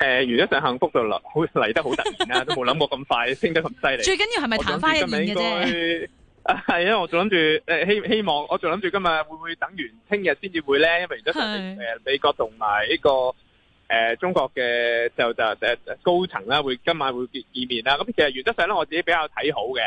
誒、呃，原則上幸福就嚟，好嚟得好突然啊！都冇諗過咁快 升得咁犀利。最緊要係咪曇花一現啫？係 啊，啊！我仲諗住誒希希望，我仲諗住今日會唔會等完聽日先至會咧？因為原則上誒美國同埋呢個誒、呃、中國嘅就就誒、呃、高層啦、啊，會今晚會見面啦、啊。咁其實原則上咧，我自己比較睇好嘅，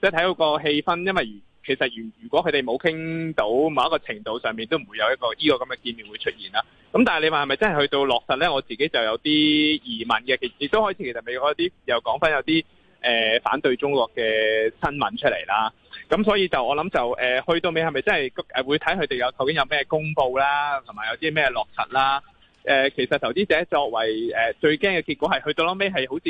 即係睇到個氣氛，因為其實如如果佢哋冇傾到某一個程度上面，都唔會有一個呢個咁嘅見面會出現啦。咁但係你話係咪真係去到落實呢？我自己就有啲疑問嘅。其亦都開始其實美國有啲又講翻有啲誒反對中國嘅新聞出嚟啦。咁所以就我諗就誒、呃、去到尾係咪真係誒會睇佢哋有究竟有咩公佈啦，同埋有啲咩落實啦？誒、呃，其實投資者作為誒、呃、最驚嘅結果係，去到最尾係好似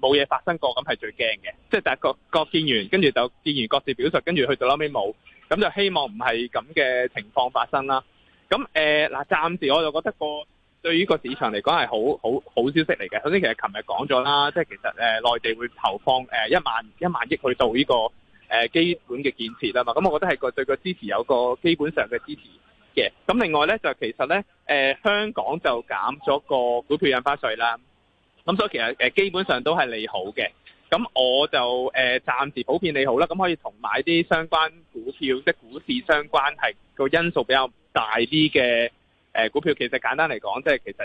冇嘢發生過咁，係最驚嘅。即係但係各各見完，跟住就見完各自表述，跟住去到最尾冇，咁就希望唔係咁嘅情況發生啦。咁誒嗱，暫時我就覺得個對於個市場嚟講係好好好消息嚟嘅。首先其實琴日講咗啦，即係其實誒內地會投放誒一萬一萬億去到呢個誒基本嘅建設啦。咁我覺得係個對個支持有個基本上嘅支持。嘅，咁另外咧就其實咧，誒、呃、香港就減咗個股票印花稅啦，咁所以其實誒基本上都係利好嘅。咁我就誒暫時，普遍利好啦，咁可以同買啲相關股票，即係股市相關係個因素比較大啲嘅誒股票。其實簡單嚟講，即係其實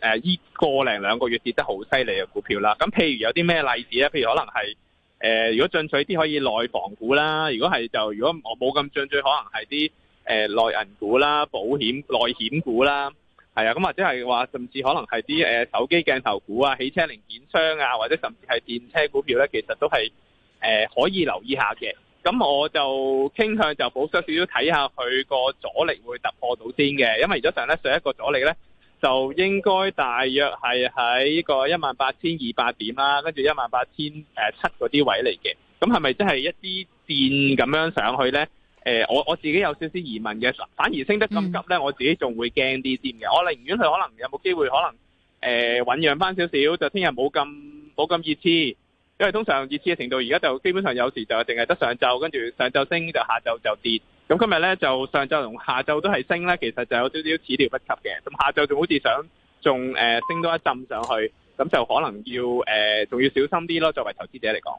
前誒依個零兩個月跌得好犀利嘅股票啦。咁譬如有啲咩例子咧？譬如可能係誒、呃、如果進取啲可以內房股啦，如果係就如果我冇咁進取，可能係啲。誒、呃、內銀股啦、保險內險股啦，係啊，咁或者係話甚至可能係啲誒手機鏡頭股啊、汽車零件商啊，或者甚至係電車股票咧，其實都係誒、呃、可以留意下嘅。咁我就傾向就保守少少，睇下佢個阻力會突破到先嘅。因為而家上咧上一個阻力咧，就應該大約係喺個一萬八千二百點啦，跟住一萬八千誒七嗰啲位嚟嘅。咁係咪真係一啲線咁樣上去咧？誒、呃，我我自己有少少疑問嘅，反而升得咁急呢，嗯，我自己仲會驚啲啲嘅。我寧願佢可能有冇機會，可能誒醞釀翻少少，就聽日冇咁冇咁熱熾，因為通常熱熾嘅程度而家就基本上有時就淨係得上晝，跟住上晝升下就下晝就跌。咁今日呢，就上晝同下晝都係升呢，其實就有少少始料不及嘅。咁下晝仲好似想仲誒、呃、升多一浸上去，咁就可能要誒仲、呃、要小心啲咯，作為投資者嚟講。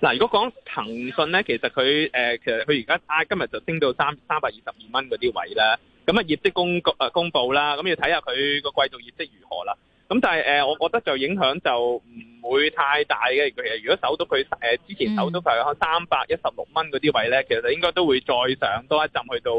嗱，如果講騰訊咧，其實佢誒其實佢而家啊，今日就升到三三百二十二蚊嗰啲位啦。咁啊，業績公局誒公佈啦，咁要睇下佢個季度業績如何啦。咁但係誒，我覺得就影響就唔會太大嘅。其實如果守到佢誒之前守到佢三百一十六蚊嗰啲位咧，其實應該都會再上多一陣，去到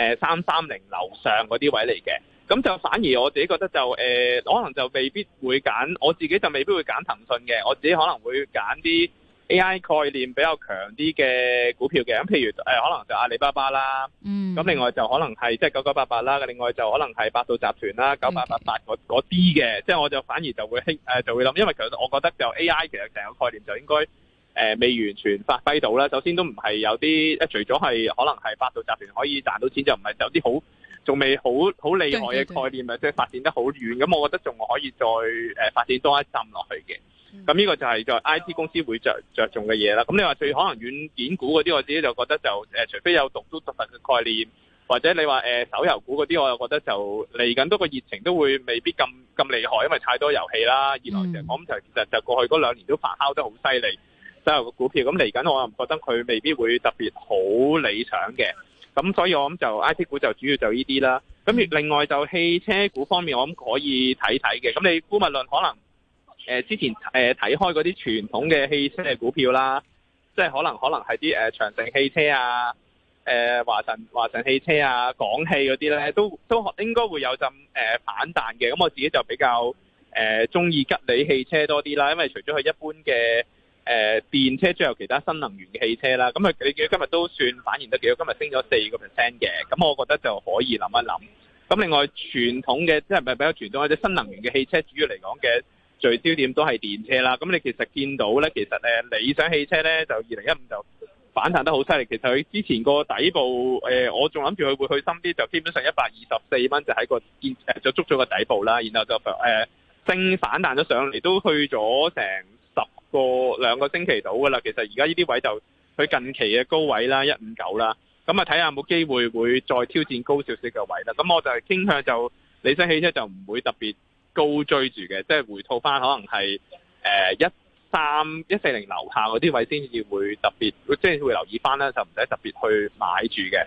誒三三零樓上嗰啲位嚟嘅。咁就反而我自己覺得就誒，可能就未必會揀我自己就未必會揀騰訊嘅，我自己可能會揀啲。AI 概念比較強啲嘅股票嘅，咁，譬如誒、呃、可能就阿里巴巴啦，咁、嗯、另外就可能係即係九九八八啦，另外就可能係百度集團啦、九八八八嗰啲嘅，即、嗯、係、就是、我就反而就會興誒、呃、就會諗，因為其實我覺得就 AI 其實成個概念就應該誒、呃、未完全發揮到啦。首先都唔係有啲，誒除咗係可能係百度集團可以賺到錢，就唔係有啲好仲未好好厲害嘅概念啊，即係、就是、發展得好遠。咁我覺得仲可以再誒、呃、發展多一浸落去嘅。咁呢個就係就 I.T. 公司會著著重嘅嘢啦。咁你話最可能軟件股嗰啲，我自己就覺得就誒、呃，除非有獨到獨特嘅概念，或者你話誒、呃、手遊股嗰啲，我又覺得就嚟緊多個熱情都會未必咁咁厲害，因為太多遊戲啦。然後、就是嗯、我諗就其實就過去嗰兩年都發酵得好犀利，手遊嘅股票。咁嚟緊我又唔覺得佢未必會特別好理想嘅。咁所以我諗就 I.T. 股就主要就呢啲啦。咁另外就汽車股方面，我諗可以睇睇嘅。咁你估物論可能？誒，之前誒睇開嗰啲傳統嘅汽車嘅股票啦，即係可能可能係啲誒長城汽車啊、誒華晨華晨汽車啊、港汽嗰啲咧，都都應該會有陣誒反彈嘅。咁我自己就比較誒中意吉利汽車多啲啦，因為除咗佢一般嘅誒、呃、電車，之後其他新能源嘅汽車啦，咁啊佢今日都算反映得幾好，今日升咗四個 percent 嘅，咁我覺得就可以諗一諗。咁另外傳統嘅即係咪比較傳統或者新能源嘅汽車主要嚟講嘅。聚焦點都係電車啦，咁你其實見到呢，其實咧理想汽車呢，就二零一五就反彈得好犀利。其實佢之前個底部誒、呃，我仲諗住佢會去深啲，就基本上一百二十四蚊就喺、嗰個見就捉咗個底部啦，然後就誒、呃、升反彈咗上嚟，都去咗成十個兩個星期到噶啦。其實而家呢啲位就佢近期嘅高位啦，一五九啦，咁啊睇下有冇機會會再挑戰高少少嘅位啦。咁我就係傾向就理想汽車就唔會特別。高追住嘅，即係回吐返，可能係誒一三一四零樓下嗰啲位先至會特別，即係會留意返啦，就唔使特別去買住嘅。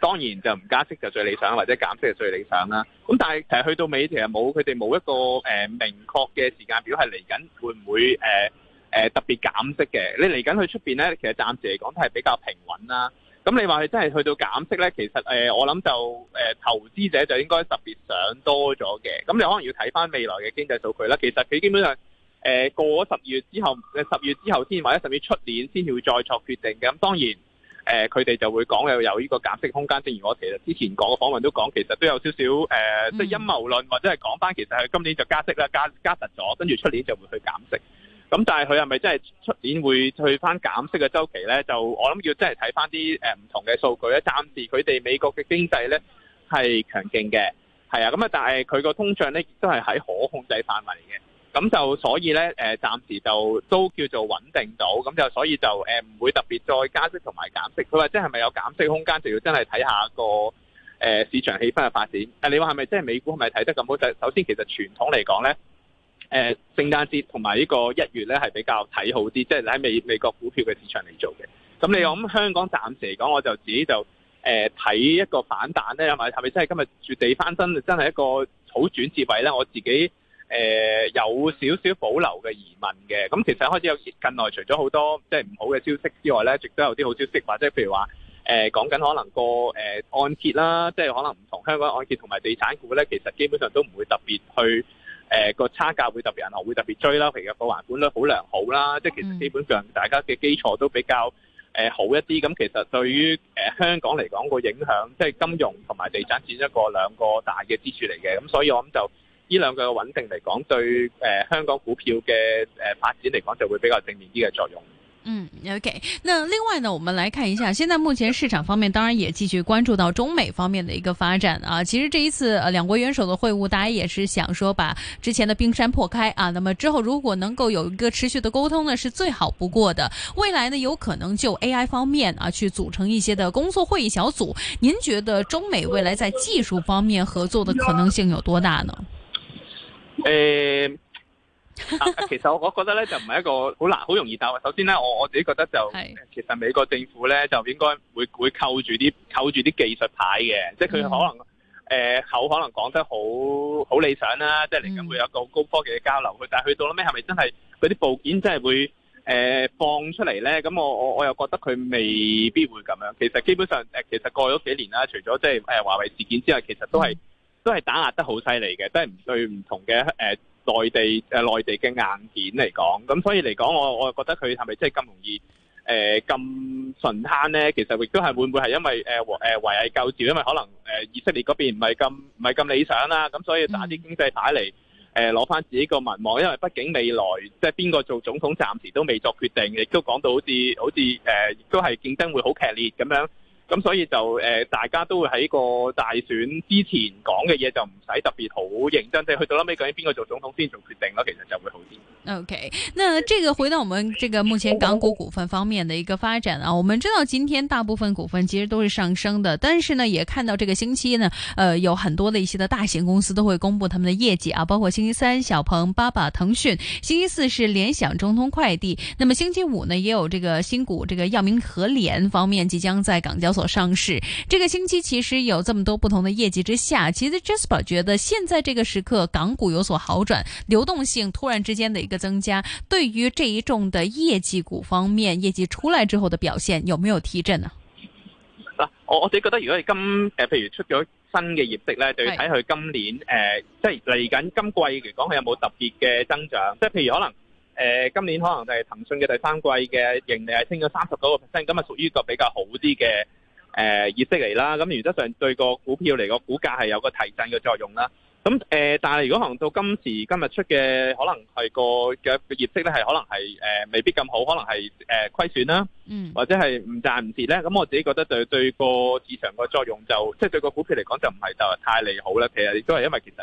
當然就唔加息就最理想，或者減息就最理想啦。咁但係其實去到尾，其實冇佢哋冇一個誒明確嘅時間表係嚟緊會唔會誒誒特別減息嘅。你嚟緊去出邊咧，其實暫時嚟講都係比較平穩啦。咁你話佢真係去到減息咧，其實誒我諗就誒投資者就應該特別想多咗嘅。咁你可能要睇翻未來嘅經濟數據啦。其實佢基本上誒過咗十二月之後，唔係十月之後先或者十二月出年先會再作決定嘅。咁當然。誒，佢哋就會講有有呢個減息空間。正如我其實之前講嘅訪問都講，其實都有少少誒，即、呃就是、陰謀論或者係講翻，其實佢今年就加息啦，加加實咗，跟住出年就會去減息。咁但係佢係咪真係出年會去翻減息嘅周期咧？就我諗要真係睇翻啲誒唔同嘅數據咧。暫時佢哋美國嘅經濟咧係強勁嘅，係啊，咁啊，但係佢個通脹咧亦都係喺可控制範圍嘅。咁就所以咧，誒暫時就都叫做穩定到，咁就所以就誒唔會特別再加息同埋減息。佢話即係咪有減息空間，就要真係睇下個誒市場氣氛嘅發展。誒，你話係咪即係美股係咪睇得咁好？就首先其實傳統嚟講咧，誒聖誕節同埋呢個一月咧係比較睇好啲，即係喺美美國股票嘅市場嚟做嘅。咁你我諗香港暫時嚟講，我就自己就誒睇、呃、一個反彈咧，係咪？係咪真係今日絕地翻身，真係一個好轉折位咧？我自己。誒、呃、有少少保留嘅疑問嘅，咁其實開始有近來除咗好多即係唔好嘅消息之外呢，亦都有啲好消息，或者譬如話誒、呃、講緊可能個誒、呃、按揭啦，即係可能唔同香港按揭同埋地產股呢，其實基本上都唔會特別去誒個、呃、差價會特別銀行會特別追啦。其實個還款率好良好啦、嗯，即係其實基本上大家嘅基礎都比較、呃、好一啲。咁其實對於、呃、香港嚟講個影響，即係金融同埋地產佔一個兩個大嘅支柱嚟嘅。咁所以我諗就。依兩個穩定嚟講，對香港股票嘅發展嚟講，就會比較正面啲嘅作用。嗯，嗯，OK。那另外呢，我們來看一下，現在目前市場方面當然也繼續關注到中美方面的一個發展啊。其實這一次啊，兩國元首的會晤，大家也是想說把之前的冰山破開啊。那麼之後如果能夠有一個持續的溝通呢，是最好不過的。未來呢，有可能就 AI 方面啊，去組成一些的工作會議小組。您覺得中美未來在技術方面合作的可能性有多大呢？誒、 呃啊，其實我我覺得咧就唔係一個好難好容易，答。係首先咧我我自己覺得就，其實美國政府咧就應該會會扣住啲扣住啲技術牌嘅，即係佢可能誒、嗯呃、口可能講得好好理想啦，即係嚟緊會有個高科技嘅交流，但係去到尾係咪真係嗰啲部件真係會誒、呃、放出嚟咧？咁我我我又覺得佢未必會咁樣。其實基本上誒、呃，其實過咗幾年啦，除咗即係誒華為事件之外，其實都係。嗯都係打壓得好犀利嘅，都係唔對唔同嘅誒內地誒內地嘅硬件嚟講，咁所以嚟講，我我覺得佢係咪真係咁容易誒咁順攤咧？其實亦都係會唔會係因為誒誒圍魏救趙，因為可能誒以色列嗰邊唔係咁唔係咁理想啦，咁所以打啲經濟牌嚟誒攞翻自己個民望，因為畢竟未來即係邊個做總統，暫時都未作決定，亦都講到好似好似誒亦都係競爭會好劇烈咁樣。咁、嗯、所以就誒、呃、大家都會喺個大選之前講嘅嘢，就唔使特別好認真，即係去到啦尾究竟邊個做總統先做決定啦，其實就會好啲。O、okay, K，那這個回到我們這個目前港股股份方面的一個發展啊，我們知道今天大部分股份其實都是上升的，但是呢，也看到這個星期呢，呃，有很多的一些的大型公司都會公布他們的業績啊，包括星期三小鵬巴巴、騰訊，星期四是聯想、中通快遞，那麼星期五呢，也有這個新股，這個藥明和聯方面即將在港交所，所上市，這個星期其實有這麼多不同的業績之下,其實 Jasper 覺得現在這個時刻港股有所好轉，流動性突然之間的一個增加，對於這一眾的業績股方面，業績出來之後的表現有沒有提振呢？我，我覺得，如果你今誒、呃、譬如出咗新嘅業績咧，就要睇佢今年誒、呃、即係嚟緊今季嚟講，如果佢有冇特別嘅增長，即係譬如可能、呃、今年可能就係騰訊嘅第三季嘅盈利係升咗三十九個 percent，咁啊屬於個比較好啲嘅。誒、呃，意識嚟啦，咁原則上對個股票嚟個股價係有個提振嘅作用啦。咁誒、呃，但係如果可能到今時今日出嘅，可能係個嘅業績咧，係可能係誒、呃、未必咁好，可能係誒、呃、虧損啦，嗯、或者係唔賺唔蝕咧。咁我自己覺得對對個市場個作用就，即、就、係、是、對個股票嚟講就唔係就太利好啦。其實亦都係因為其實。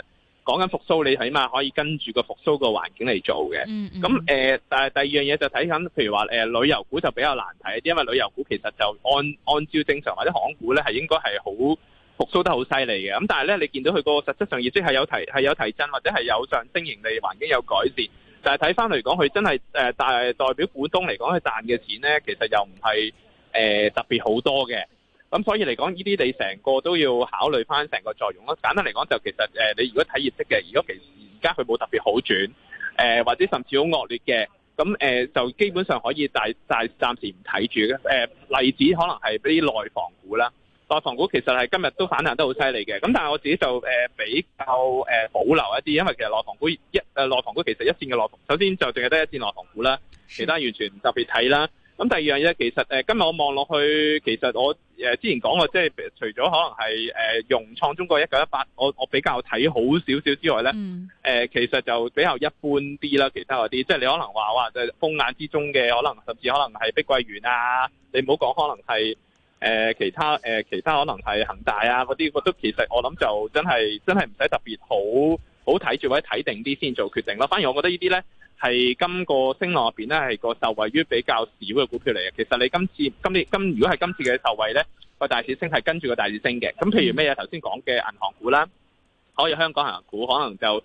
講緊復甦，你起碼可以跟住個復甦個環境嚟做嘅。咁、嗯、誒、嗯呃，但係第二樣嘢就睇緊，譬如話、呃、旅遊股就比較難睇啲，因為旅遊股其實就按按照正常或者航股咧，係應該係好復甦得好犀利嘅。咁但係咧，你見到佢個實質上業績係有提係有提振，或者係有上升盈利環境有改善，就係睇翻嚟講，佢真係誒代代表股東嚟講，佢賺嘅錢咧，其實又唔係、呃、特別好多嘅。咁所以嚟講，呢啲你成個都要考慮翻成個作用咯。簡單嚟講，就其實誒、呃，你如果睇業績嘅，如果其而家佢冇特別好轉，誒、呃、或者甚至好惡劣嘅，咁、呃、誒就基本上可以大大暫時唔睇住嘅。誒、呃、例子可能係啲內房股啦，內房股其實係今日都反彈得好犀利嘅。咁但係我自己就誒、呃、比較誒保留一啲，因為其實內房股一內房股其實一線嘅內房，首先就淨係得一線內房股啦，其他完全唔特別睇啦。咁第二樣嘢，其實誒，今日我望落去，其實我誒之前講過，即係除咗可能係誒融創中國一九一八，我我比較睇好少少之外咧、嗯，其實就比較一般啲啦。其他嗰啲，即係你可能話話就係、風眼之中嘅，可能甚至可能係碧桂園啊，你唔好講，可能係誒其他其他，其他可能係恒大啊嗰啲，我都其實我諗就真係真係唔使特別好好睇住或者睇定啲先做決定啦。反而我覺得呢啲咧。係今個升浪入邊咧，係個受惠於比較少嘅股票嚟嘅。其實你今次、今年、今如果係今次嘅受惠咧，個大市升係跟住個大市升嘅。咁譬如咩嘢頭先講嘅銀行股啦，可以香港銀行股，可能就誒，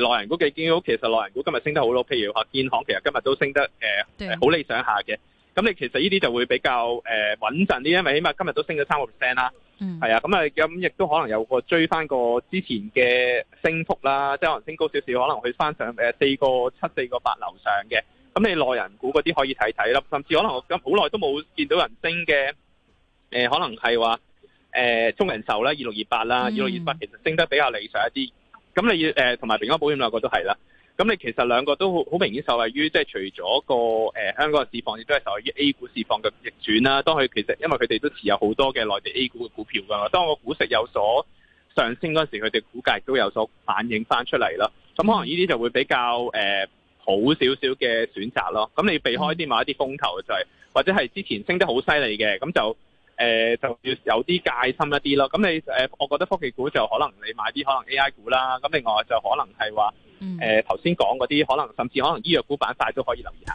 內、呃、銀股嘅建屋，其實內銀股今日升得好咯。譬如話建行，其實今日都升得誒，好、呃、理想下嘅。咁你其實呢啲就會比較誒穩陣啲，因為起碼今日都升咗三個 percent 啦。嗯，係啊，咁啊，咁亦都可能有個追翻個之前嘅升幅啦，即係可能升高少少，可能去翻上誒四個七四個八樓上嘅。咁你內人股嗰啲可以睇睇啦，甚至可能咁好耐都冇見到人升嘅，誒，可能係話誒中人壽啦，二六二八啦，二六二八其實升得比較理想一啲。咁你要誒同埋平安保險兩個都係啦。咁你其實兩個都好好明顯受惠於，即、就、係、是、除咗個誒、呃、香港嘅市況，亦都係受惠於 A 股市況嘅逆轉啦。當佢其實因為佢哋都持有好多嘅內地 A 股嘅股票噶嘛，當個股息有所上升嗰時候，佢哋估亦都有所反映翻出嚟啦。咁可能呢啲就會比較誒、呃、好少少嘅選擇咯。咁你避開啲某一啲風頭就係、是、或者係之前升得好犀利嘅咁就誒、呃、就要有啲戒心一啲咯。咁你我覺得科技股就可能你買啲可能 AI 股啦，咁另外就可能係話。誒、嗯，頭先講嗰啲，可能甚至可能醫藥股板塊都可以留意下。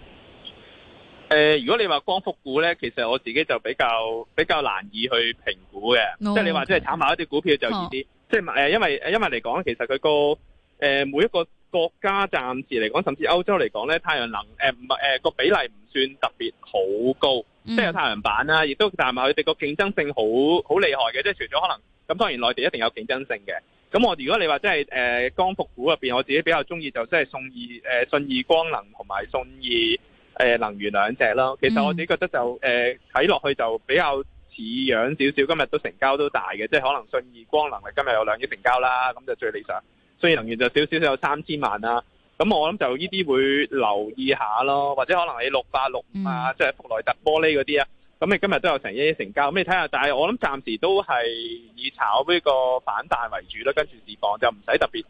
誒、呃，如果你話光伏股咧，其實我自己就比較比較難以去評估嘅，no, okay. oh. 即係你話即係炒埋一啲股票就易啲，即係誒，因為因為嚟講，其實佢個誒每一個國家暫時嚟講，甚至歐洲嚟講咧，太陽能誒唔係誒個比例唔算特別好高，mm. 即係有太陽板啦、啊，亦都但係佢哋個競爭性好好厲害嘅，即係除咗可能咁，當然內地一定有競爭性嘅。咁我如果你話即係誒光伏股入邊，我自己比較中意就即係信義誒信義光能同埋信義。誒能源兩隻咯，其實我自己覺得就誒睇落去就比較似樣少少，今日都成交都大嘅，即係可能信義光能力今日有兩億成交啦，咁就最理想。信義能源就少少有三千萬啦，咁我諗就呢啲會留意下咯，或者可能係六八六啊，即、嗯、係、就是、福萊特玻璃嗰啲啊，咁你今日都有成億成交，咁你睇下。但係我諗暫時都係以炒呢個反彈為主啦，跟住市況就唔使特別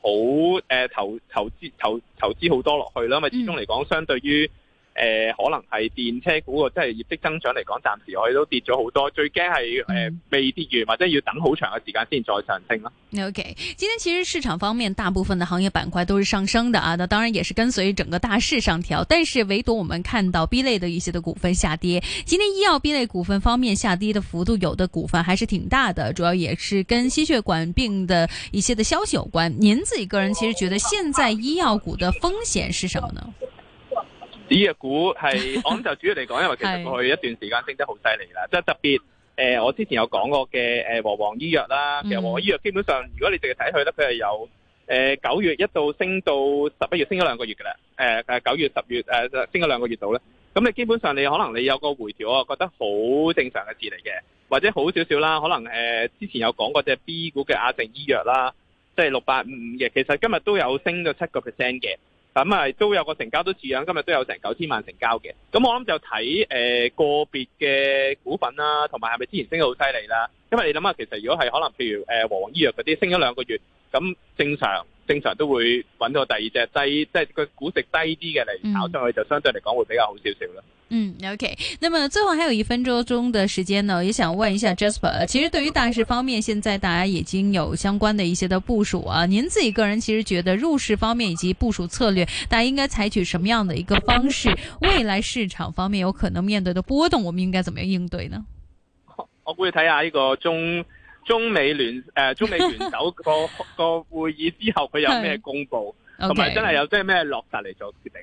好、呃、投投資投投資好多落去啦，因為始終嚟講，相對於呃、可能係電車股，即係業績增長嚟講，暫時我哋都跌咗好多。最驚係誒未跌完，或者要等好長嘅時間先再上升啦。OK，今天其實市場方面大部分的行業板塊都是上升的啊，那當然也是跟隨整個大市上調。但是唯獨我們看到 B 類的一些的股份下跌。今天醫藥 B 類股份方面下跌的幅度，有的股份還是挺大的，主要也是跟心血管病的一些的消息有關。您自己個人其實覺得現在醫藥股的風險是什麼呢？醫、這、藥、個、股係，我諗就主要嚟講，因為其實過去一段時間升得好犀利啦，即 係特別誒、呃，我之前有講過嘅誒、呃、和黃醫藥啦，其實和醫藥基本上，如果你淨係睇佢咧，佢係由誒九、呃、月一到升到十一月升咗兩個月噶啦，誒誒九月十月誒、呃、升咗兩個月度咧，咁你基本上你可能你有個回調，我覺得好正常嘅事嚟嘅，或者好少少啦，可能誒、呃、之前有講過隻 B 股嘅亞盛醫藥啦，即係六八五五嘅，其實今日都有升咗七個 percent 嘅。咁、嗯、啊，都有個成交都似樣，今日都有成九千萬成交嘅。咁我諗就睇誒、呃、個別嘅股份啦，同埋係咪之前升得好犀利啦？因為你諗下，其實如果係可能，譬如誒和、呃、黃醫藥嗰啲升咗兩個月，咁正常正常都會搵到第二隻低，即係個估值低啲嘅嚟炒上去，就相對嚟講會比較好少少啦。嗯。嗯，OK。那麼最後還有一分鐘鐘的時間呢，也想問一下 Jasper。其實對於大市方面，現在大家已經有相關的一些的部署啊。您自己個人其實覺得入市方面以及部署策略，大家應該採取什麼樣的一個方式？未來市場方面有可能面對的波動，我們應該怎麼樣應對呢？我估計睇下呢個中中美聯呃中美聯手 個個會議之後，佢有咩公佈，同 埋，okay。真係有啲咩落實嚟做決定。